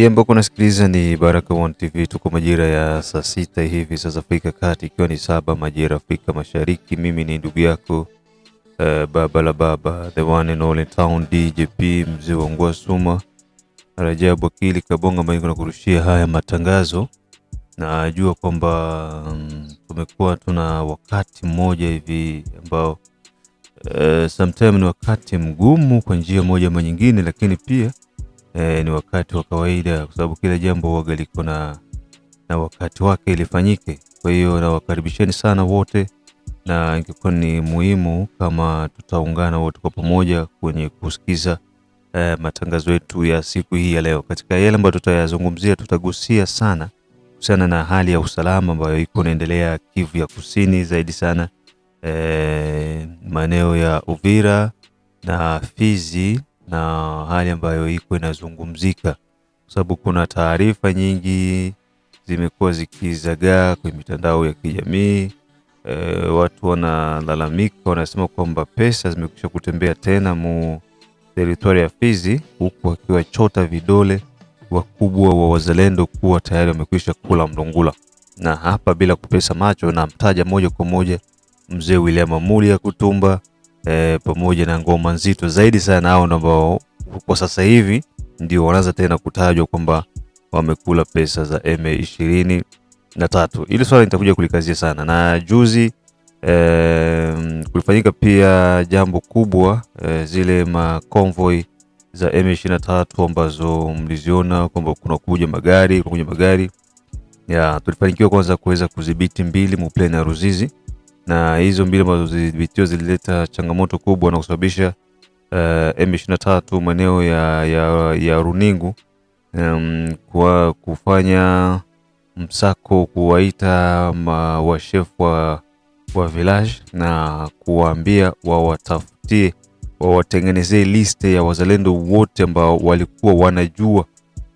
Hii ambako unasikiliza ni Baraka One TV. Tuko majira ya saa sita hivi sasa Afrika Kati, ikiwa ni saba majira Afrika Mashariki. Mimi ni ndugu yako uh, baba la baba, the one and only town DJP, mzee wa ngua suma, Rajabu Akili Kabonga, ambaye kuna kurushia haya matangazo. Najua kwamba mm, tumekuwa tuna wakati mmoja hivi ambao uh, eh, sometimes ni wakati mgumu kwa njia moja ama nyingine, lakini pia e, ni wakati wa kawaida, kwa sababu kila jambo huwaga liko na, na wakati wake ilifanyike. Kwa hiyo nawakaribisheni sana wote, na ingekuwa ni muhimu kama tutaungana wote kwa pamoja kwenye kusikiza e, matangazo yetu ya siku hii ya leo. Katika yale ambayo tutayazungumzia, tutagusia sana kuhusiana na hali ya usalama ambayo iko inaendelea Kivu ya Kusini, zaidi sana e, maeneo ya Uvira na Fizi na hali ambayo iko inazungumzika, kwa sababu kuna taarifa nyingi zimekuwa zikizagaa kwenye mitandao ya kijamii. E, watu wanalalamika, wanasema kwamba pesa zimekwisha kutembea tena mu ya Fizi, huku wakiwachota vidole wakubwa wa wazalendo kuwa tayari wamekwisha kula mlungula. Na hapa bila kupesa macho, namtaja moja kwa moja mzee William ya kutumba e, pamoja na ngoma nzito zaidi sana. Hao ndio ambao kwa sasa hivi ndio wanaanza tena kutajwa kwamba wamekula pesa za M23. Hili swala nitakuja kulikazia sana, na juzi e, kulifanyika pia jambo kubwa e, zile makonvoi za M23 ambazo mliziona kwamba kuna kuja magari kuna kuja magari ya, tulifanikiwa kwanza kuweza kudhibiti mbili Mupleni ya Ruzizi na hizo mbili ambazo zilidhibitiwa zilileta changamoto kubwa na kusababisha uh, eh, M23 maeneo ya, ya, ya Runingu um, kwa kufanya msako kuwaita washefu wa, wa village na kuwaambia wawatafutie wawatengenezee liste ya wazalendo wote ambao walikuwa wanajua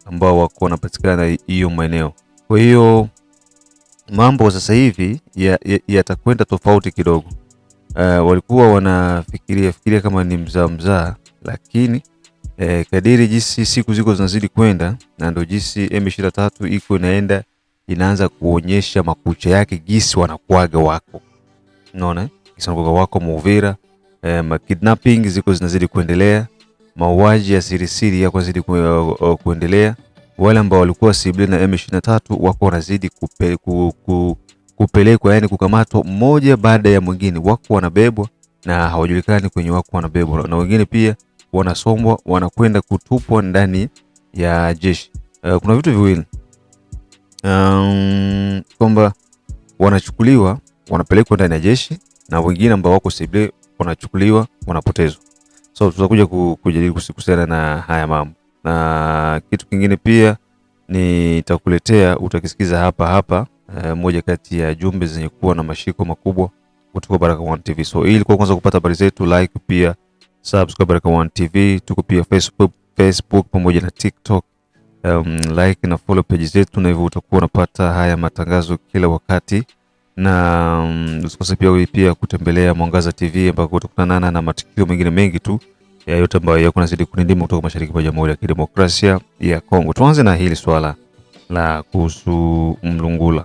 ambao wako wanapatikana hiyo maeneo. Kwa hiyo mambo sasa hivi yatakwenda ya, ya tofauti kidogo. Uh, walikuwa wanafikiria fikiria kama ni mzaa mzaa, lakini eh, kadiri jinsi siku ziko zinazidi kwenda na ndo jinsi M23 iko inaenda inaanza kuonyesha makucha yake gisi wanakuaga wako unaona, kisanguka wako Muvira. Eh, kidnapping ziko zinazidi kuendelea, mauaji ya sirisiri yako zidi eh, kuendelea wale ambao walikuwa sibli na M23 wako wanazidi kupe, ku, ku, kupelekwa yani kukamatwa mmoja baada ya mwingine, wako wanabebwa na hawajulikani kwenye wako wanabebwa, na wengine pia wanasombwa wanakwenda kutupwa ndani ya jeshi. Uh, kuna vitu viwili um, kwamba wanachukuliwa wanapelekwa ndani ya jeshi na wengine ambao wako civil wanachukuliwa wanapotezwa. So tutakuja kujadili kuhusiana na haya mambo na kitu kingine pia nitakuletea, utakisikiza hapa hapa e, moja kati ya jumbe zenye kuwa na mashiko makubwa kutoka baraka One TV. So ili kwa kwanza kupata habari zetu, like pia subscribe baraka One TV. Tuko pia Facebook, Facebook pamoja na TikTok. Um, like na follow page zetu, na hivyo utakuwa unapata haya matangazo kila wakati, na um, usikose pia, pia kutembelea Mwangaza TV ambako utakutana na matukio mengine mengi tu ya yote ambayo yako nazidi kunindima kutoka mashariki mwa Jamhuri ya Kidemokrasia ya Kongo. Tuanze na hili swala la kuhusu mlungula.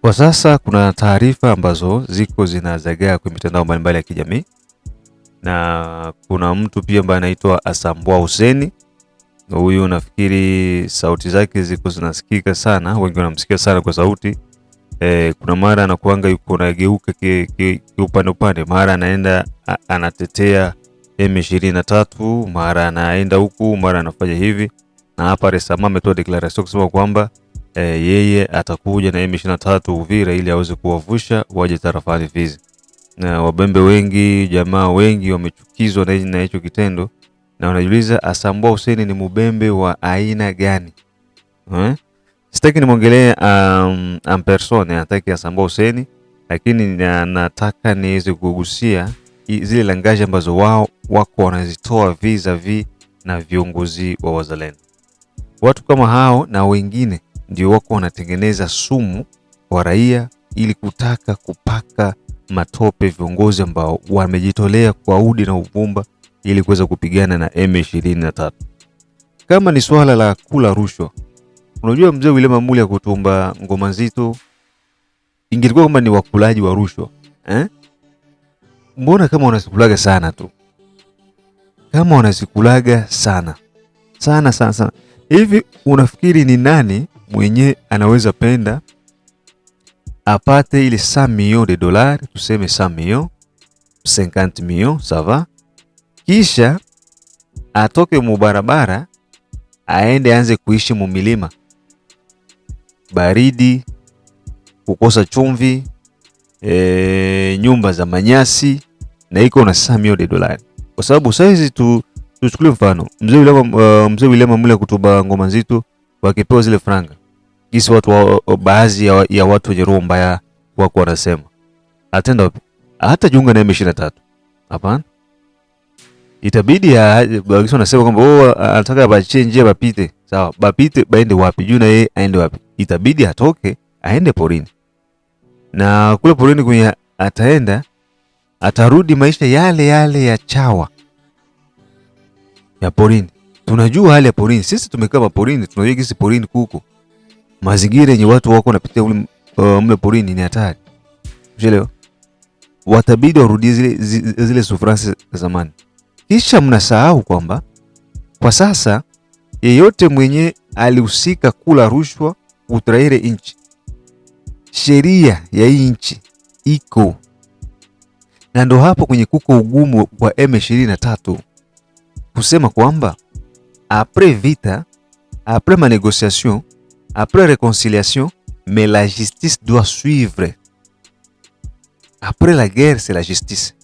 Kwa sasa kuna taarifa ambazo ziko zinazagaa kwenye mitandao mbalimbali ya kijamii, na kuna mtu pia ambaye anaitwa Asambwa Huseni. Huyu nafikiri sauti zake ziko zinasikika sana, wengi wanamsikia sana kwa sauti e, kuna mara anakuanga yuko nageuka kiupande upande, mara anaenda anatetea M23, mara anaenda huku, mara anafanya hivi, na hapa Rais Samia ametoa declaration kusema kwamba e, yeye atakuja na M23 Uvira ili aweze kuwavusha waje tarafani Fizi. Na wabembe wengi, jamaa wengi wamechukizwa na hicho kitendo na wanajiuliza Asambua Hussein ni mubembe wa aina gani? Eh? Sitaki nimwongelee um, um, person ataki Asambua Hussein, lakini nataka niweze kugusia zile langaji ambazo wao wako wanazitoa visa vi na viongozi wa wazalendo. Watu kama hao na wengine ndio wako wanatengeneza sumu kwa raia ili kutaka kupaka matope viongozi ambao wamejitolea kwa udi na uvumba ili kuweza kupigana na M23. Kama ni swala la kula rushwa, unajua mzee William Amuli ya kutumba ngoma nzito, ingelikuwa kama ni wakulaji wa rushwa eh? mbona kama unazikulaga sana tu, kama unazikulaga sana sana sana sana. Hivi unafikiri ni nani mwenye anaweza penda apate ile 100 million de dollars, tuseme 100 million 50 million sava, kisha atoke mubarabara aende anze kuishi mumilima, baridi, kukosa chumvi, e, nyumba za manyasi na iko na saa mio ya dola, kwa sababu saizi tu tuchukulie mfano mzee William uh, mzee William mle kutuba ngoma nzito wakipewa zile franga jinsi watu wa, baadhi ya, ya watu wenye roho mbaya wako wanasema atenda wapi? Hata jiunga na M23 hapana, itabidi agiso anasema kwamba oh, anataka bachie njia bapite. Sawa, bapite baende wapi? Juu na yeye aende wapi? Itabidi atoke aende porini, na kule porini kwenye ataenda atarudi maisha yale yale ya chawa ya porini. Tunajua hali ya porini, sisi tumekaa maporini, tunajua gisi porini kuko mazingira yenye watu wako wanapitia ule uh, mle porini ni hatari, unaelewa? Watabidi warudie zile, zile, zile za zamani. Kisha mnasahau kwamba kwa sasa yeyote mwenye alihusika kula rushwa utraire nchi, sheria ya hii nchi iko na ndo hapo kwenye kuko ugumu kwa M23 kusema kwamba apres vita apres manegociation apres reconciliation mais la justice doit suivre. Apres la guerre c'est la justice,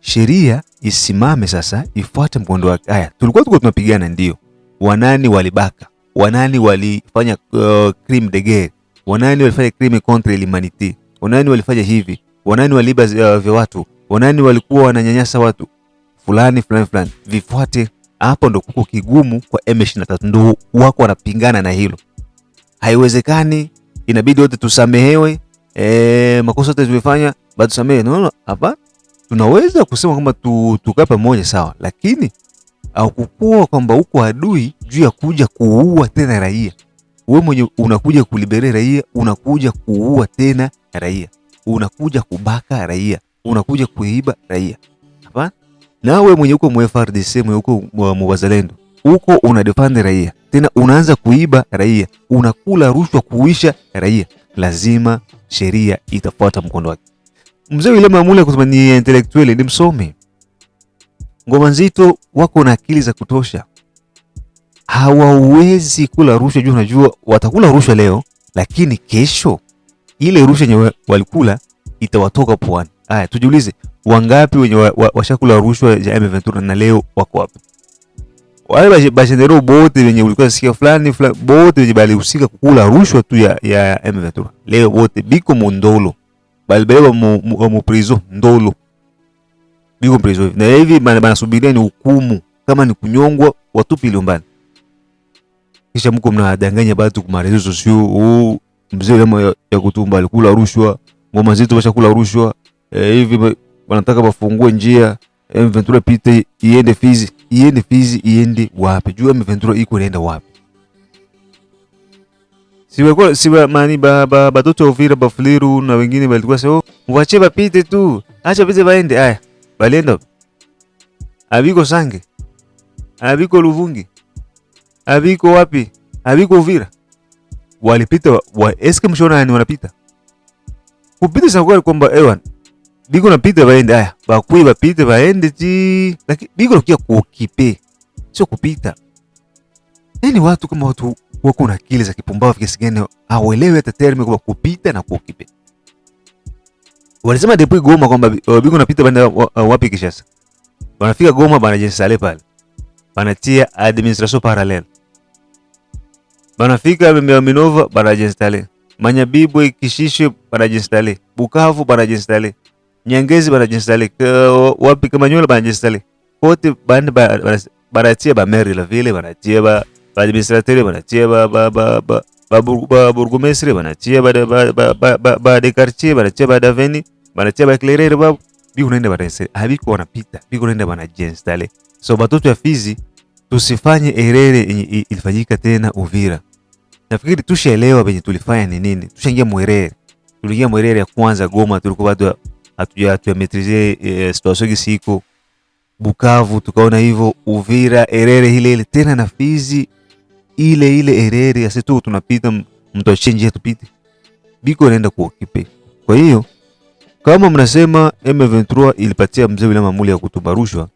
sheria isimame sasa, ifuate mkondo wake. Haya, tulikuwa tuko tunapigana, ndio wanani walibaka, wanani walifanya uh, crime de guerre, wanani walifanya crime contre l'humanité, wanani walifanya hivi wanani waliba eh, vya watu, wanani walikuwa wananyanyasa watu fulani fulani fulani, vifuate. Hapo ndo kuko kigumu kwa M23, ndo wako wanapingana na hilo. Haiwezekani, inabidi wote tusamehewe, eh, makosa yote tumefanya, bado tusamehe. No, no, hapa tunaweza kusema kwamba tu, tukae pamoja sawa, lakini au kukua kwamba huko adui juu ya kuja kuua tena raia. Wewe mwenye unakuja kulibere raia, unakuja kuua tena raia unakuja kubaka raia, unakuja kuiba raia. Hapana, nawe mwenye uko mu FARDC mwenye uko mu wazalendo una defend raia, tena unaanza kuiba raia, unakula rushwa kuisha raia, lazima sheria itafuata mkondo wake. Mzee William Amule kusema ni intellectual, ni msomi. Ngoma nzito wako na akili za kutosha, hawawezi kula rushwa juu unajua watakula rushwa leo, lakini kesho ile rushwa yenye walikula itawatoka puani. Haya, tujiulize wangapi wenye washakula wa, wa rushwa ya M23 na leo wako wapi? Wale bashendero bote wenye ulikuwa sikia fulani fulani bote wenye bali usika kukula rushwa tu ya, ya M23 leo bote biko mondolo balibeba mu, mu, mu prizo ndolo biko prizo, na hivi banasubiria ni hukumu, kama ni kunyongwa watupi mbani kisha mko mnadanganya batu kumarezo sio mzee ya, ya kutumba alikula rushwa, ngoma zetu bashakula rushwa e, hivi wanataka bafungue njia e, Ventura pite iende Fizi, iende Fizi, iende wapi? Jua Ventura iko inaenda wapi? Siwe kwa siwe mani ba ba batoto wa Uvira bafuliru na wengine walikuwa sio, oh, wache bapite tu, acha pite baende. Aya, balienda abiko Sange, abiko Luvungi, abiko wapi, abiko Uvira walipita wa eske mshona yani wanapita kupita sana kwa kwamba ewan biko napita baende aya bakui bapite baende ti lakini biko kia kukipe sio kupita. Yani watu kama watu wako na akili za kipumbavu kiasi gani hawelewi hata termi kwa kupita na kukipe. Walisema depuis Goma kwamba eh, biko napita baende eh, wapi kisha sasa wanafika Goma banajisale pale, banatia administration parallele Banafika Minova banajinstale, Manyabibwe Kishishe banajinstale, Bukavu banajinstale, Nyangezi banajinstale, wapi kama Kamanyola banajinstale, Kote bande banatia ba meri la vile banatia ba ba administrateur banatia ba ba ba ba ba burgomestre banatia ba ba ba ba ba de quartier banatia ba daveni banatia ba eclairer ba biko nenda banajinstale, Habiko wanapita, biko nenda banajinstale, So batoto ya Fizi Tusifanye erere ilifanyika tena Uvira. Nafikiri tushaelewa venye tulifanya ni nini, tushaingia mwerere. Tuliingia mwerere ya kwanza Goma, tulikuwa bado hatuja hatuyametrize e, situation gisi Bukavu, tukaona hivyo Uvira erere ile ile tena na Fizi ile ile erere, ya situ, tunapita mtu achenji pite biko naenda kuokipe. Kwa hiyo kama mnasema M23 ilipatia mzee William Amuli ya kutubarushwa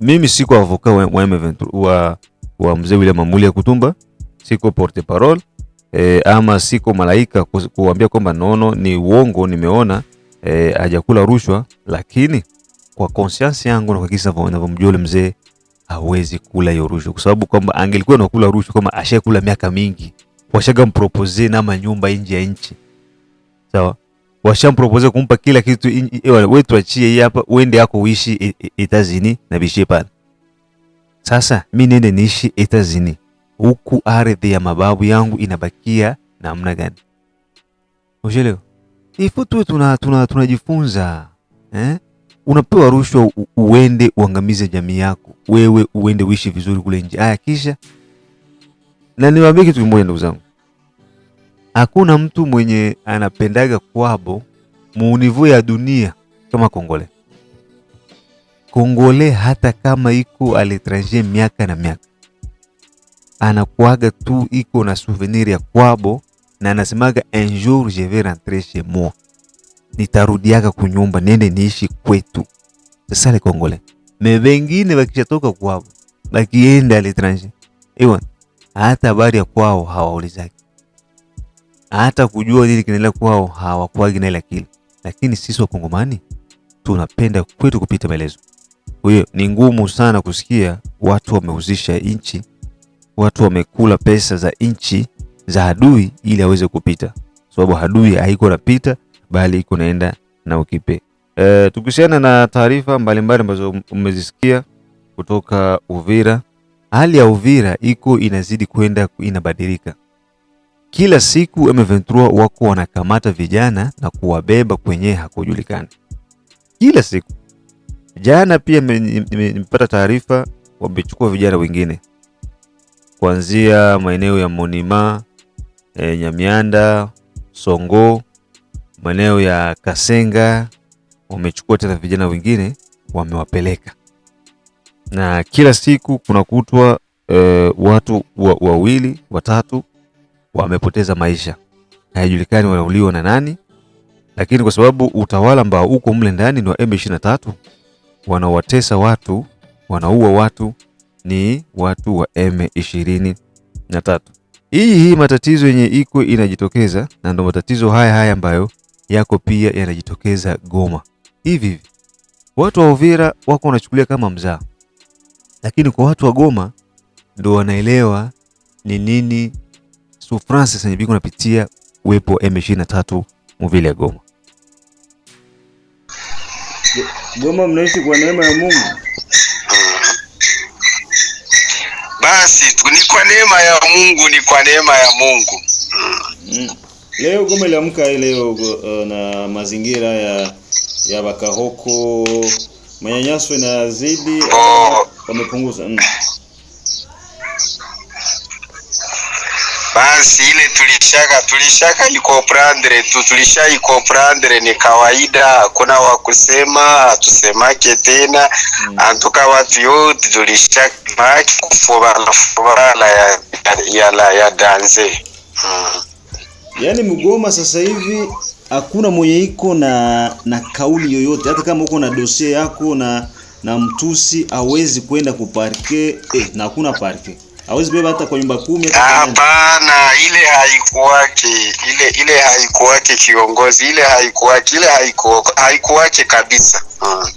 mimi siko avoka wa, wa, wa, wa mzee William Amuli ya Kutumba, siko porte parole e, ama siko malaika kuambia kwamba nono ni uongo, nimeona e, hajakula rushwa, lakini kwa conscience yangu na kwa kisa ninavyomjua yule mzee hawezi kula hiyo rushwa, kwa sababu kwamba angelikuwa anakula rushwa kama ashakula miaka mingi, washaga mpropose na manyumba nje ya nchi, sawa so, washampropose kumpa kila kitu, wewe tuachie hii hapa, uende yako uishi Etazini na bishie pale. Sasa mi nende niishi Etazini huku ardhi ya mababu yangu inabakia namna gani? Ushelewa? Ifu tu tuna tunajifunza tuna eh? Unapewa rushwa uende uangamize jamii yako, wewe uende uishi vizuri kule nje. Aya, kisha na niwaambie kitu kimoja, ndugu zangu Hakuna mtu mwenye anapendaga kwabo muunivu ya dunia kama Kongole. Kongole hata kama iko aletranger miaka na miaka, anakuaga tu iko na souvenir ya kwabo, na anasemaga un jour je vais rentrer chez moi, nitarudiaga kunyumba nende niishi kwetu. Sasa le Kongole me bengine bakishatoka kwabo bakienda aletranger, iwa hata habari ya kwao hawaulizaki hata kujua nini kinaendelea kwao hawakuagi na ile akili, lakini sisi wakongomani tunapenda kwetu kupita maelezo. Kwa hiyo ni ngumu sana kusikia watu wamehusisha nchi, watu wamekula pesa za nchi za adui ili aweze kupita, sababu so, adui haiko napita bali iko naenda na ukipe. E, tukihusiana na taarifa mbalimbali ambazo umezisikia kutoka Uvira, hali ya Uvira iko inazidi kwenda inabadilika. Kila siku M23 wako wanakamata vijana na kuwabeba kwenye hakujulikani kila siku. Jana pia nimepata taarifa wamechukua vijana wengine kuanzia maeneo ya Monima, e, Nyamianda, Songo, maeneo ya Kasenga, wamechukua tena vijana wengine wamewapeleka, na kila siku kuna kutwa e, watu wawili watatu wamepoteza maisha, haijulikani wanauliwa na nani, lakini kwa sababu utawala ambao uko mle ndani ni wa M23, wanawatesa watu, wanaua watu, ni watu wa M23. Hii hii matatizo yenye iko inajitokeza, na ndio matatizo haya haya ambayo yako pia yanajitokeza Goma hivi hivi. Watu wa Uvira wako wanachukulia kama mzaa, lakini kwa watu wa Goma ndo wanaelewa ni nini So France sasa hivi kunapitia uwepo M23 mvile Goma. Goma mnaishi kwa neema ya Mungu. Mm. Basi ni kwa neema ya Mungu, ni kwa neema ya Mungu. Mm. Leo Goma iliamka leo uh, na mazingira ya ya bakahoko manyanyaso inazidi, oh. wamepunguza mm. sayansi ile tulishaka tulishaka ikoprandre tu tulisha ikoprandre ni kawaida, hakuna wa kusema, tusemake tena mm. Antuka watu yote tulishaka kufubana fubana ya, ya, ya, ya danze mm. Yani mgoma sasa hivi hakuna mwenye iko na na kauli yoyote, hata kama uko na dosie yako na na mtusi awezi kwenda kuparke eh, na hakuna parke hawezi beba hata kwa nyumba kumi. Hapana, ile haikuwake, ile ile haikuwake kiongozi, ile haikuwake, ile haiku, haikuwake kabisa hmm.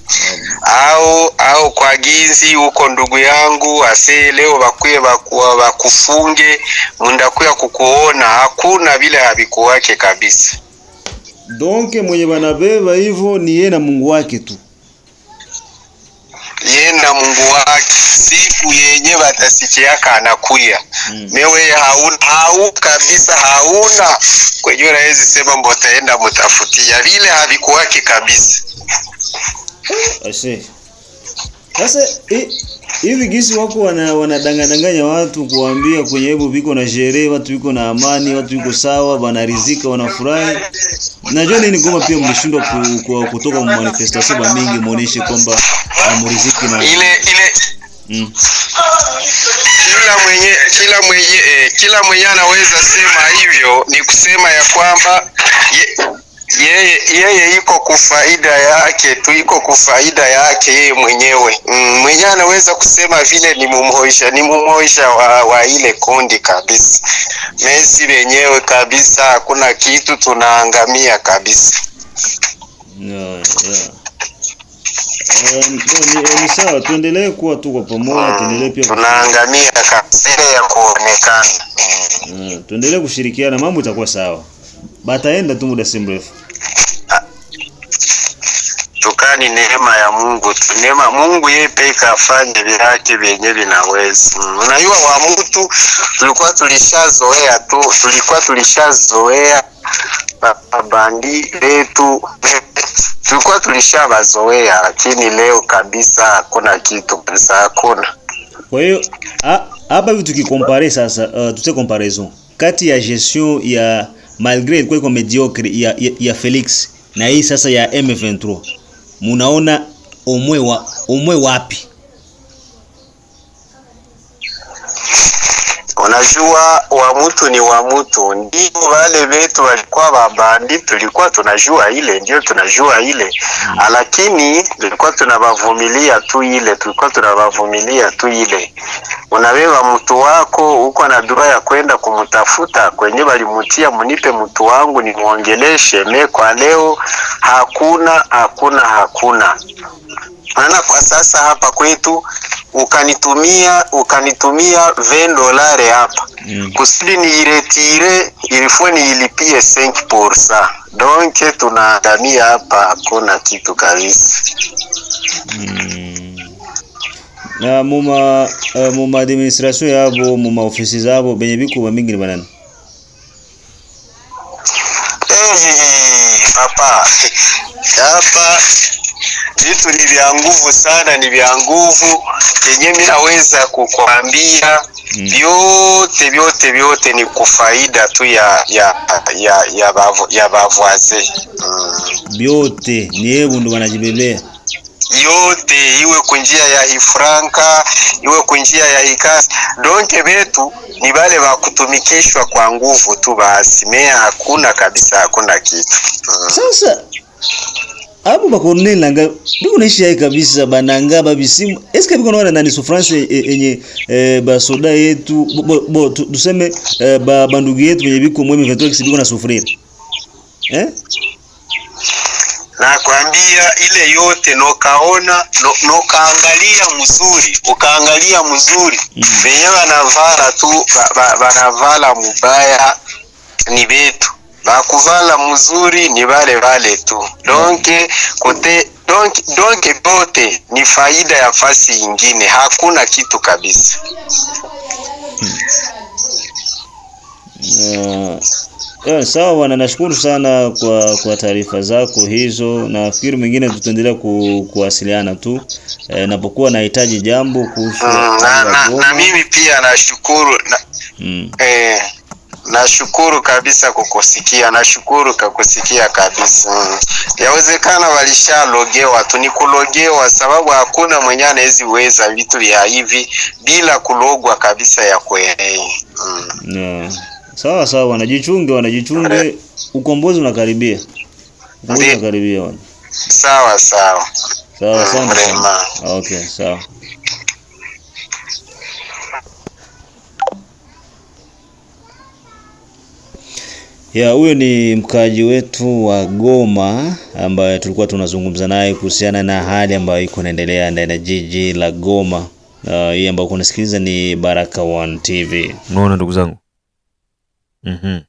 Au au kwa ginzi huko, ndugu yangu ase leo bakwiye bakuwa bakufunge mundakuya kukuona, hakuna vile havikuwake kabisa. Donke mwenye banabeba hivyo ni yeye na Mungu wake tu ye na Mungu wake siku yenye watasikiaka anakuya mm. Mewe hauna hau kabisa hauna kwenye nawezi sema mbotaenda mtafutia vile havikuwaki kabisa. I see. Sasa Hivi gisi wako wana watu kuambia kwenye hebu viko na sherehe, watu viko na amani, watu viko sawa, wanarizika, wanafurahi. Najua nini kama pia mlishindwa ku, ku, kutoka mu manifestation ba mingi muoneshe kwamba amuriziki na ile ile mm. Kila mwenye kila mwenye eh, kila mwenye anaweza sema hivyo ni kusema ya kwamba ye, yeye yeye iko kufaida yake tu, iko kufaida yake yeye mwenyewe mm, mwenyewe. Anaweza kusema vile ni mumoisha ni mumoisha wa, wa ile kundi kabisa. Messi wenyewe kabisa, hakuna kitu, tunaangamia kabisa. yeah, yeah. Um, ni sawa, tuendelee kuwa tu kwa pamoja, mm, tuendelee pia tunaangamia kabisa ya kuonekana. Eh, tuendelee kushirikiana, mambo itakuwa sawa, bataenda tu muda si mrefu tukani neema ya Mungu tu, neema Mungu yeye peke afanye vyake vyenye vinaweza. Mm, unajua wa mtu tulikuwa tulishazoea tu, tulikuwa tulishazoea babandi letu tulikuwa tulishawazoea, lakini leo kabisa hakuna kitu kabisa, hakuna. Kwa hiyo hapa vitu kikompare sasa, uh, tute comparaison kati ya gestion ya malgré ilikuwa iko mediocre ya, ya, ya Felix na hii sasa ya M23 munaona omwe, wa, omwe wapi? Unajua, wa mtu ni wa mtu. Ndio wale wetu walikuwa babandi, tulikuwa tunajua ile, ndio tunajua ile hmm. Lakini tulikuwa tunavavumilia tu ile, tulikuwa tunavavumilia tu ile. Unawewa mtu wako huko na dura ya kwenda kumtafuta kwenye walimutia, munipe mtu wangu nimwongeleshe, me kwa leo hakuna hakuna hakuna. Maana kwa sasa hapa kwetu ukanitumia ukanitumia 20 hapa mm. kusudi niiretire ilifue niilipie 5%. Donc tunaangamia hapa, hakuna kitu kabisa mm. na muma uh, muma administration yabo muma ofisi zabo benye bikuba mingi ni banana hey, eh, hey, hey. Hapa hapa vitu ni vya nguvu sana, ni vya nguvu yenye mimi naweza kukwambia vyote mm. Vyote vyote ni kufaida tu ya ya ya ya bavu, ya bavoise mm. Vyote ni hebu ndo wanajibebea yote, iwe kunjia ya hifranka, iwe kunjia ya hikasi. Donke betu ni bale bakutumikishwa kwa nguvu tu basi, hakuna kabisa, hakuna kitu mm. Sasa abo bakonelanga biko kabisa bananga babisimu eske biko nani souffrance yenye e, e, e basoda yetu bo, bo tuseme e, ba bandugu yetu venye biko mwemi 23 na souffrir eh na kwambia ile yote nokaona no, nokaangalia mzuri ukaangalia mzuri mm. venye mm. Banavala tu banavala ba, ba, mubaya ni betu bakuvala mzuri ni vale vale tu donke mm. kote donke, donke bote ni faida ya fasi ingine, hakuna kitu kabisa mm. Mm. Eh, sawa bwana, nashukuru sana kwa, kwa taarifa zako hizo. Nafikiri mwingine tutaendelea ku, kuwasiliana tu e, napokuwa nahitaji jambo kuhusu mm, na, na, na mimi pia nashukuru na, mm. eh, nashukuru kabisa kukusikia, nashukuru kukusikia kabisa mm. Yawezekana walishalogewa tu, ni kulogewa sababu hakuna mwenye anaezi weza vitu vya hivi bila kulogwa kabisa ya kweli mm. yeah. Sawa sawa, wanajichunge, wanajichunge. Ukombozi unakaribia, ukombozi unakaribia bwana. Sawa sawa sawa mm, sana. Okay, sawa. Ya, huyo ni mkaaji wetu wa Goma ambaye tulikuwa tunazungumza naye kuhusiana na hali ambayo iko inaendelea ndani ya jiji la Goma. Hii uh, ambayo kunasikiliza ni Baraka One TV. Unaona ndugu zangu mm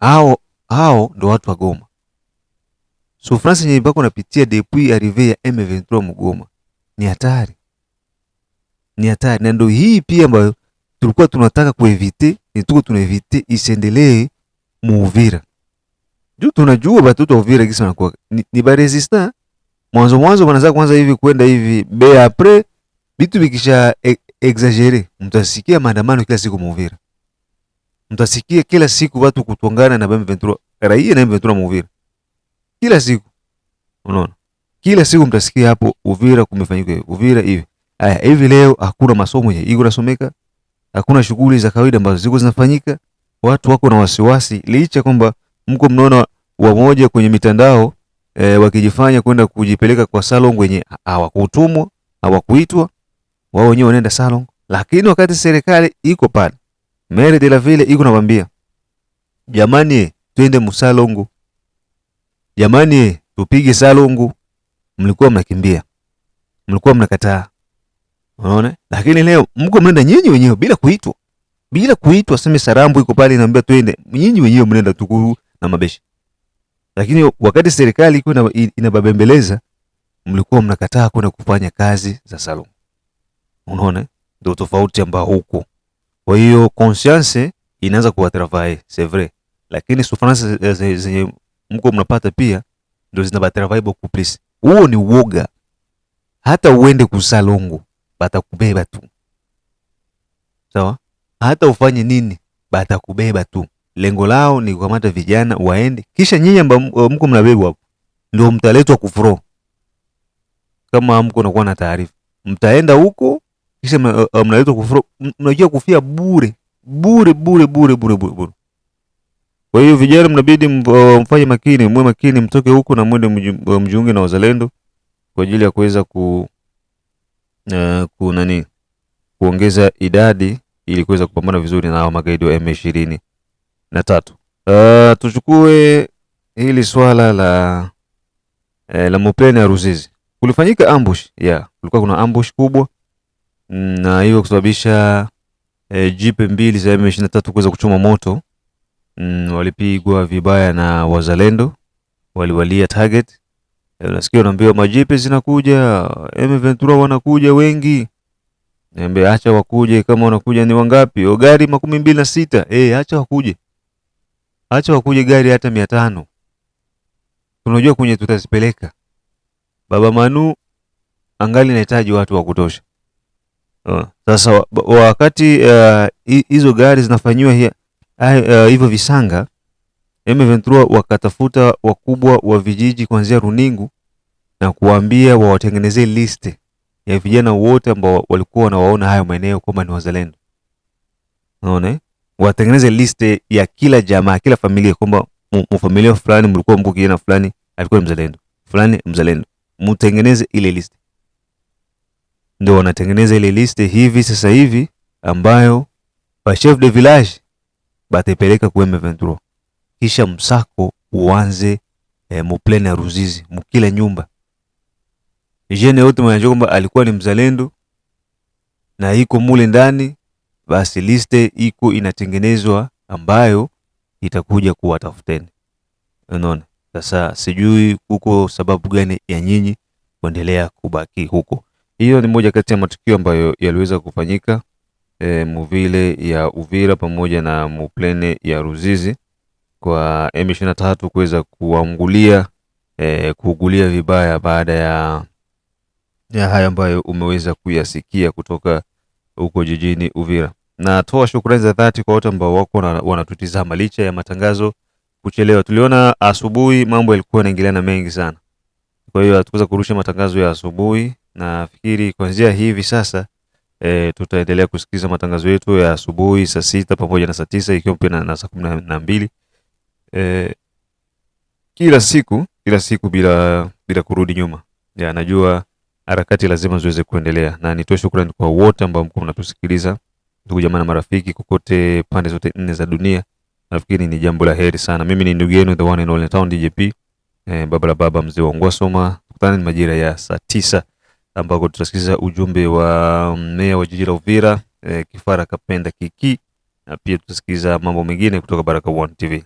hao -hmm. hao ndo watu wa Goma. Souffrance yenye bako napitia depuis arrive ya M23 mgoma ni hatari, ni hatari, na ndo hii pia ambayo tulikuwa tunataka kuevite, ni tuko tunaevite isendelee muuvira juu tunajua batoto wa Uvira kisa wanakuwa ni, ni ba resistant mwanzo mwanzo wanaza kwanza hivi kwenda hivi be apres bitu bikisha e, exagere, mtasikia maandamano kila siku muuvira mtasikia kila siku watu kutongana na M23 raia na M23 Muvira, kila siku unaona, kila siku mtasikia hapo Uvira kumefanyika hivi, Uvira hivi. Haya, hivi leo hakuna masomo ya iko nasomeka, hakuna shughuli za kawaida ambazo ziko zinafanyika. Watu wako na wasiwasi, licha kwamba mko mnaona wamoja kwenye mitandao e, wakijifanya kwenda kujipeleka kwa salon kwenye hawakutumwa hawakuitwa, wao wenyewe wanaenda salon, lakini wakati serikali iko pale Mary de la Ville iko nawaambia, jamani, twende msalongo, jamani, tupige salongo. Mlikuwa mnakimbia, mlikuwa mnakataa, unaona. Lakini leo mko mnaenda nyinyi wenyewe bila kuitwa, bila kuitwa. Sema sarambu iko pale inaambia twende, nyinyi wenyewe mnaenda tuku na mabeshi. Lakini wakati serikali iko inababembeleza, mlikuwa mnakataa kwenda kufanya kazi za salongo, unaona. Ndio tofauti ambao huko kwa hiyo conscience inaanza kuwa travail c'est vrai. Lakini souffrance zenye mko mnapata pia ndio zina travail beaucoup plus. Huo ni uoga. Hata uende kusalongo batakubeba tu. Sawa? Hata ufanye nini batakubeba tu. Lengo lao ni kukamata vijana waende, kisha nyinyi ambao eh, mko mnabebwa hapo ndio mtaletwa kufro, kama mko nakuwa na taarifa, mtaenda huko kisha eh, eh, mnaletwa kufuru, mnajua kufia bure bure bure bure bure bure. Kwa hiyo vijana, mnabidi eh, mfanye makini, mwe makini, mtoke huko na mwende mjiunge na wazalendo kwa ajili ya kuweza ku uh, ku nani kuongeza idadi ili kuweza kupambana vizuri na hao magaidi wa M23. Uh, tuchukue hili swala la eh, la Mopeni ya Ruzizi kulifanyika ambush. Yeah, kulikuwa kuna ambush kubwa na hivyo kusababisha e, jipe mbili za M23 kuweza kuchoma moto. Mm, walipigwa vibaya na wazalendo, waliwalia target. E, eh, unasikia unaambiwa majipe zinakuja, M23 wanakuja wengi. Niambi acha wakuje, kama wanakuja ni wangapi? O, oh, gari makumi mbili na sita. E, acha wakuje, acha wakuje gari hata mia tano tunajua kwenye tutazipeleka. Baba Manu angali nahitaji watu wa kutosha. Uh, sasa wakati eh, hizo uh, gari zinafanyiwa eh, eh, hivyo uh, visanga, M23 wakatafuta wakubwa wa vijiji kuanzia Runingu na kuambia wawatengenezee list ya vijana wote ambao walikuwa wanawaona hayo maeneo kwamba ni wazalendo. Unaona, watengeneze liste ya kila jamaa, kila familia kwamba mfamilia fulani mlikuwa mko kijana fulani alikuwa mzalendo fulani mzalendo, mtengeneze ile list ndio wanatengeneza ile liste hivi sasa hivi ambayo pa chef de village batepeleka ku M23, kisha msako uanze eh, muplene ya Ruzizi mukila nyumba. Jeune yote mwanajua kwamba alikuwa ni mzalendo na iko mule ndani, basi liste iko inatengenezwa ambayo itakuja kuwatafuteni. Unaona sasa, sijui kuko sababu gani ya nyinyi kuendelea kubaki huko. Hiyo ni moja kati ya matukio ambayo yaliweza kufanyika e, Muvile ya Uvira pamoja na Muplene ya Ruzizi kwa M23 kuweza kuangulia e, kuugulia vibaya baada ya, ya hayo ambayo umeweza kuyasikia kutoka huko jijini Uvira. Natoa shukrani za dhati kwa wote ambao wako wanatutizama licha ya matangazo kuchelewa. Tuliona asubuhi mambo yalikuwa yanaingiliana mengi sana kwa hiyo hatuweza kurusha matangazo ya asubuhi. Nafikiri kuanzia hivi sasa e, tutaendelea kusikiliza matangazo yetu ya asubuhi saa sita pamoja na saa tisa ikiwa pia na saa kumi na mbili e, kila siku kila siku bila bila kurudi nyuma ya, najua harakati lazima ziweze kuendelea, na nitoe shukrani kwa wote ambao mko mnatusikiliza, ndugu jamaa na marafiki, kokote pande zote nne za dunia. Nafikiri ni jambo la heri sana. Mimi ni ndugu yenu the one and only town DJP e, baba la baba mzee wa Ngwasoma. Tukutane ni majira ya saa tisa ambako tutasikiliza ujumbe wa meya wa jiji la Uvira e, Kifara Kapenda Kiki, na pia tutasikiliza mambo mengine kutoka Baraka One TV.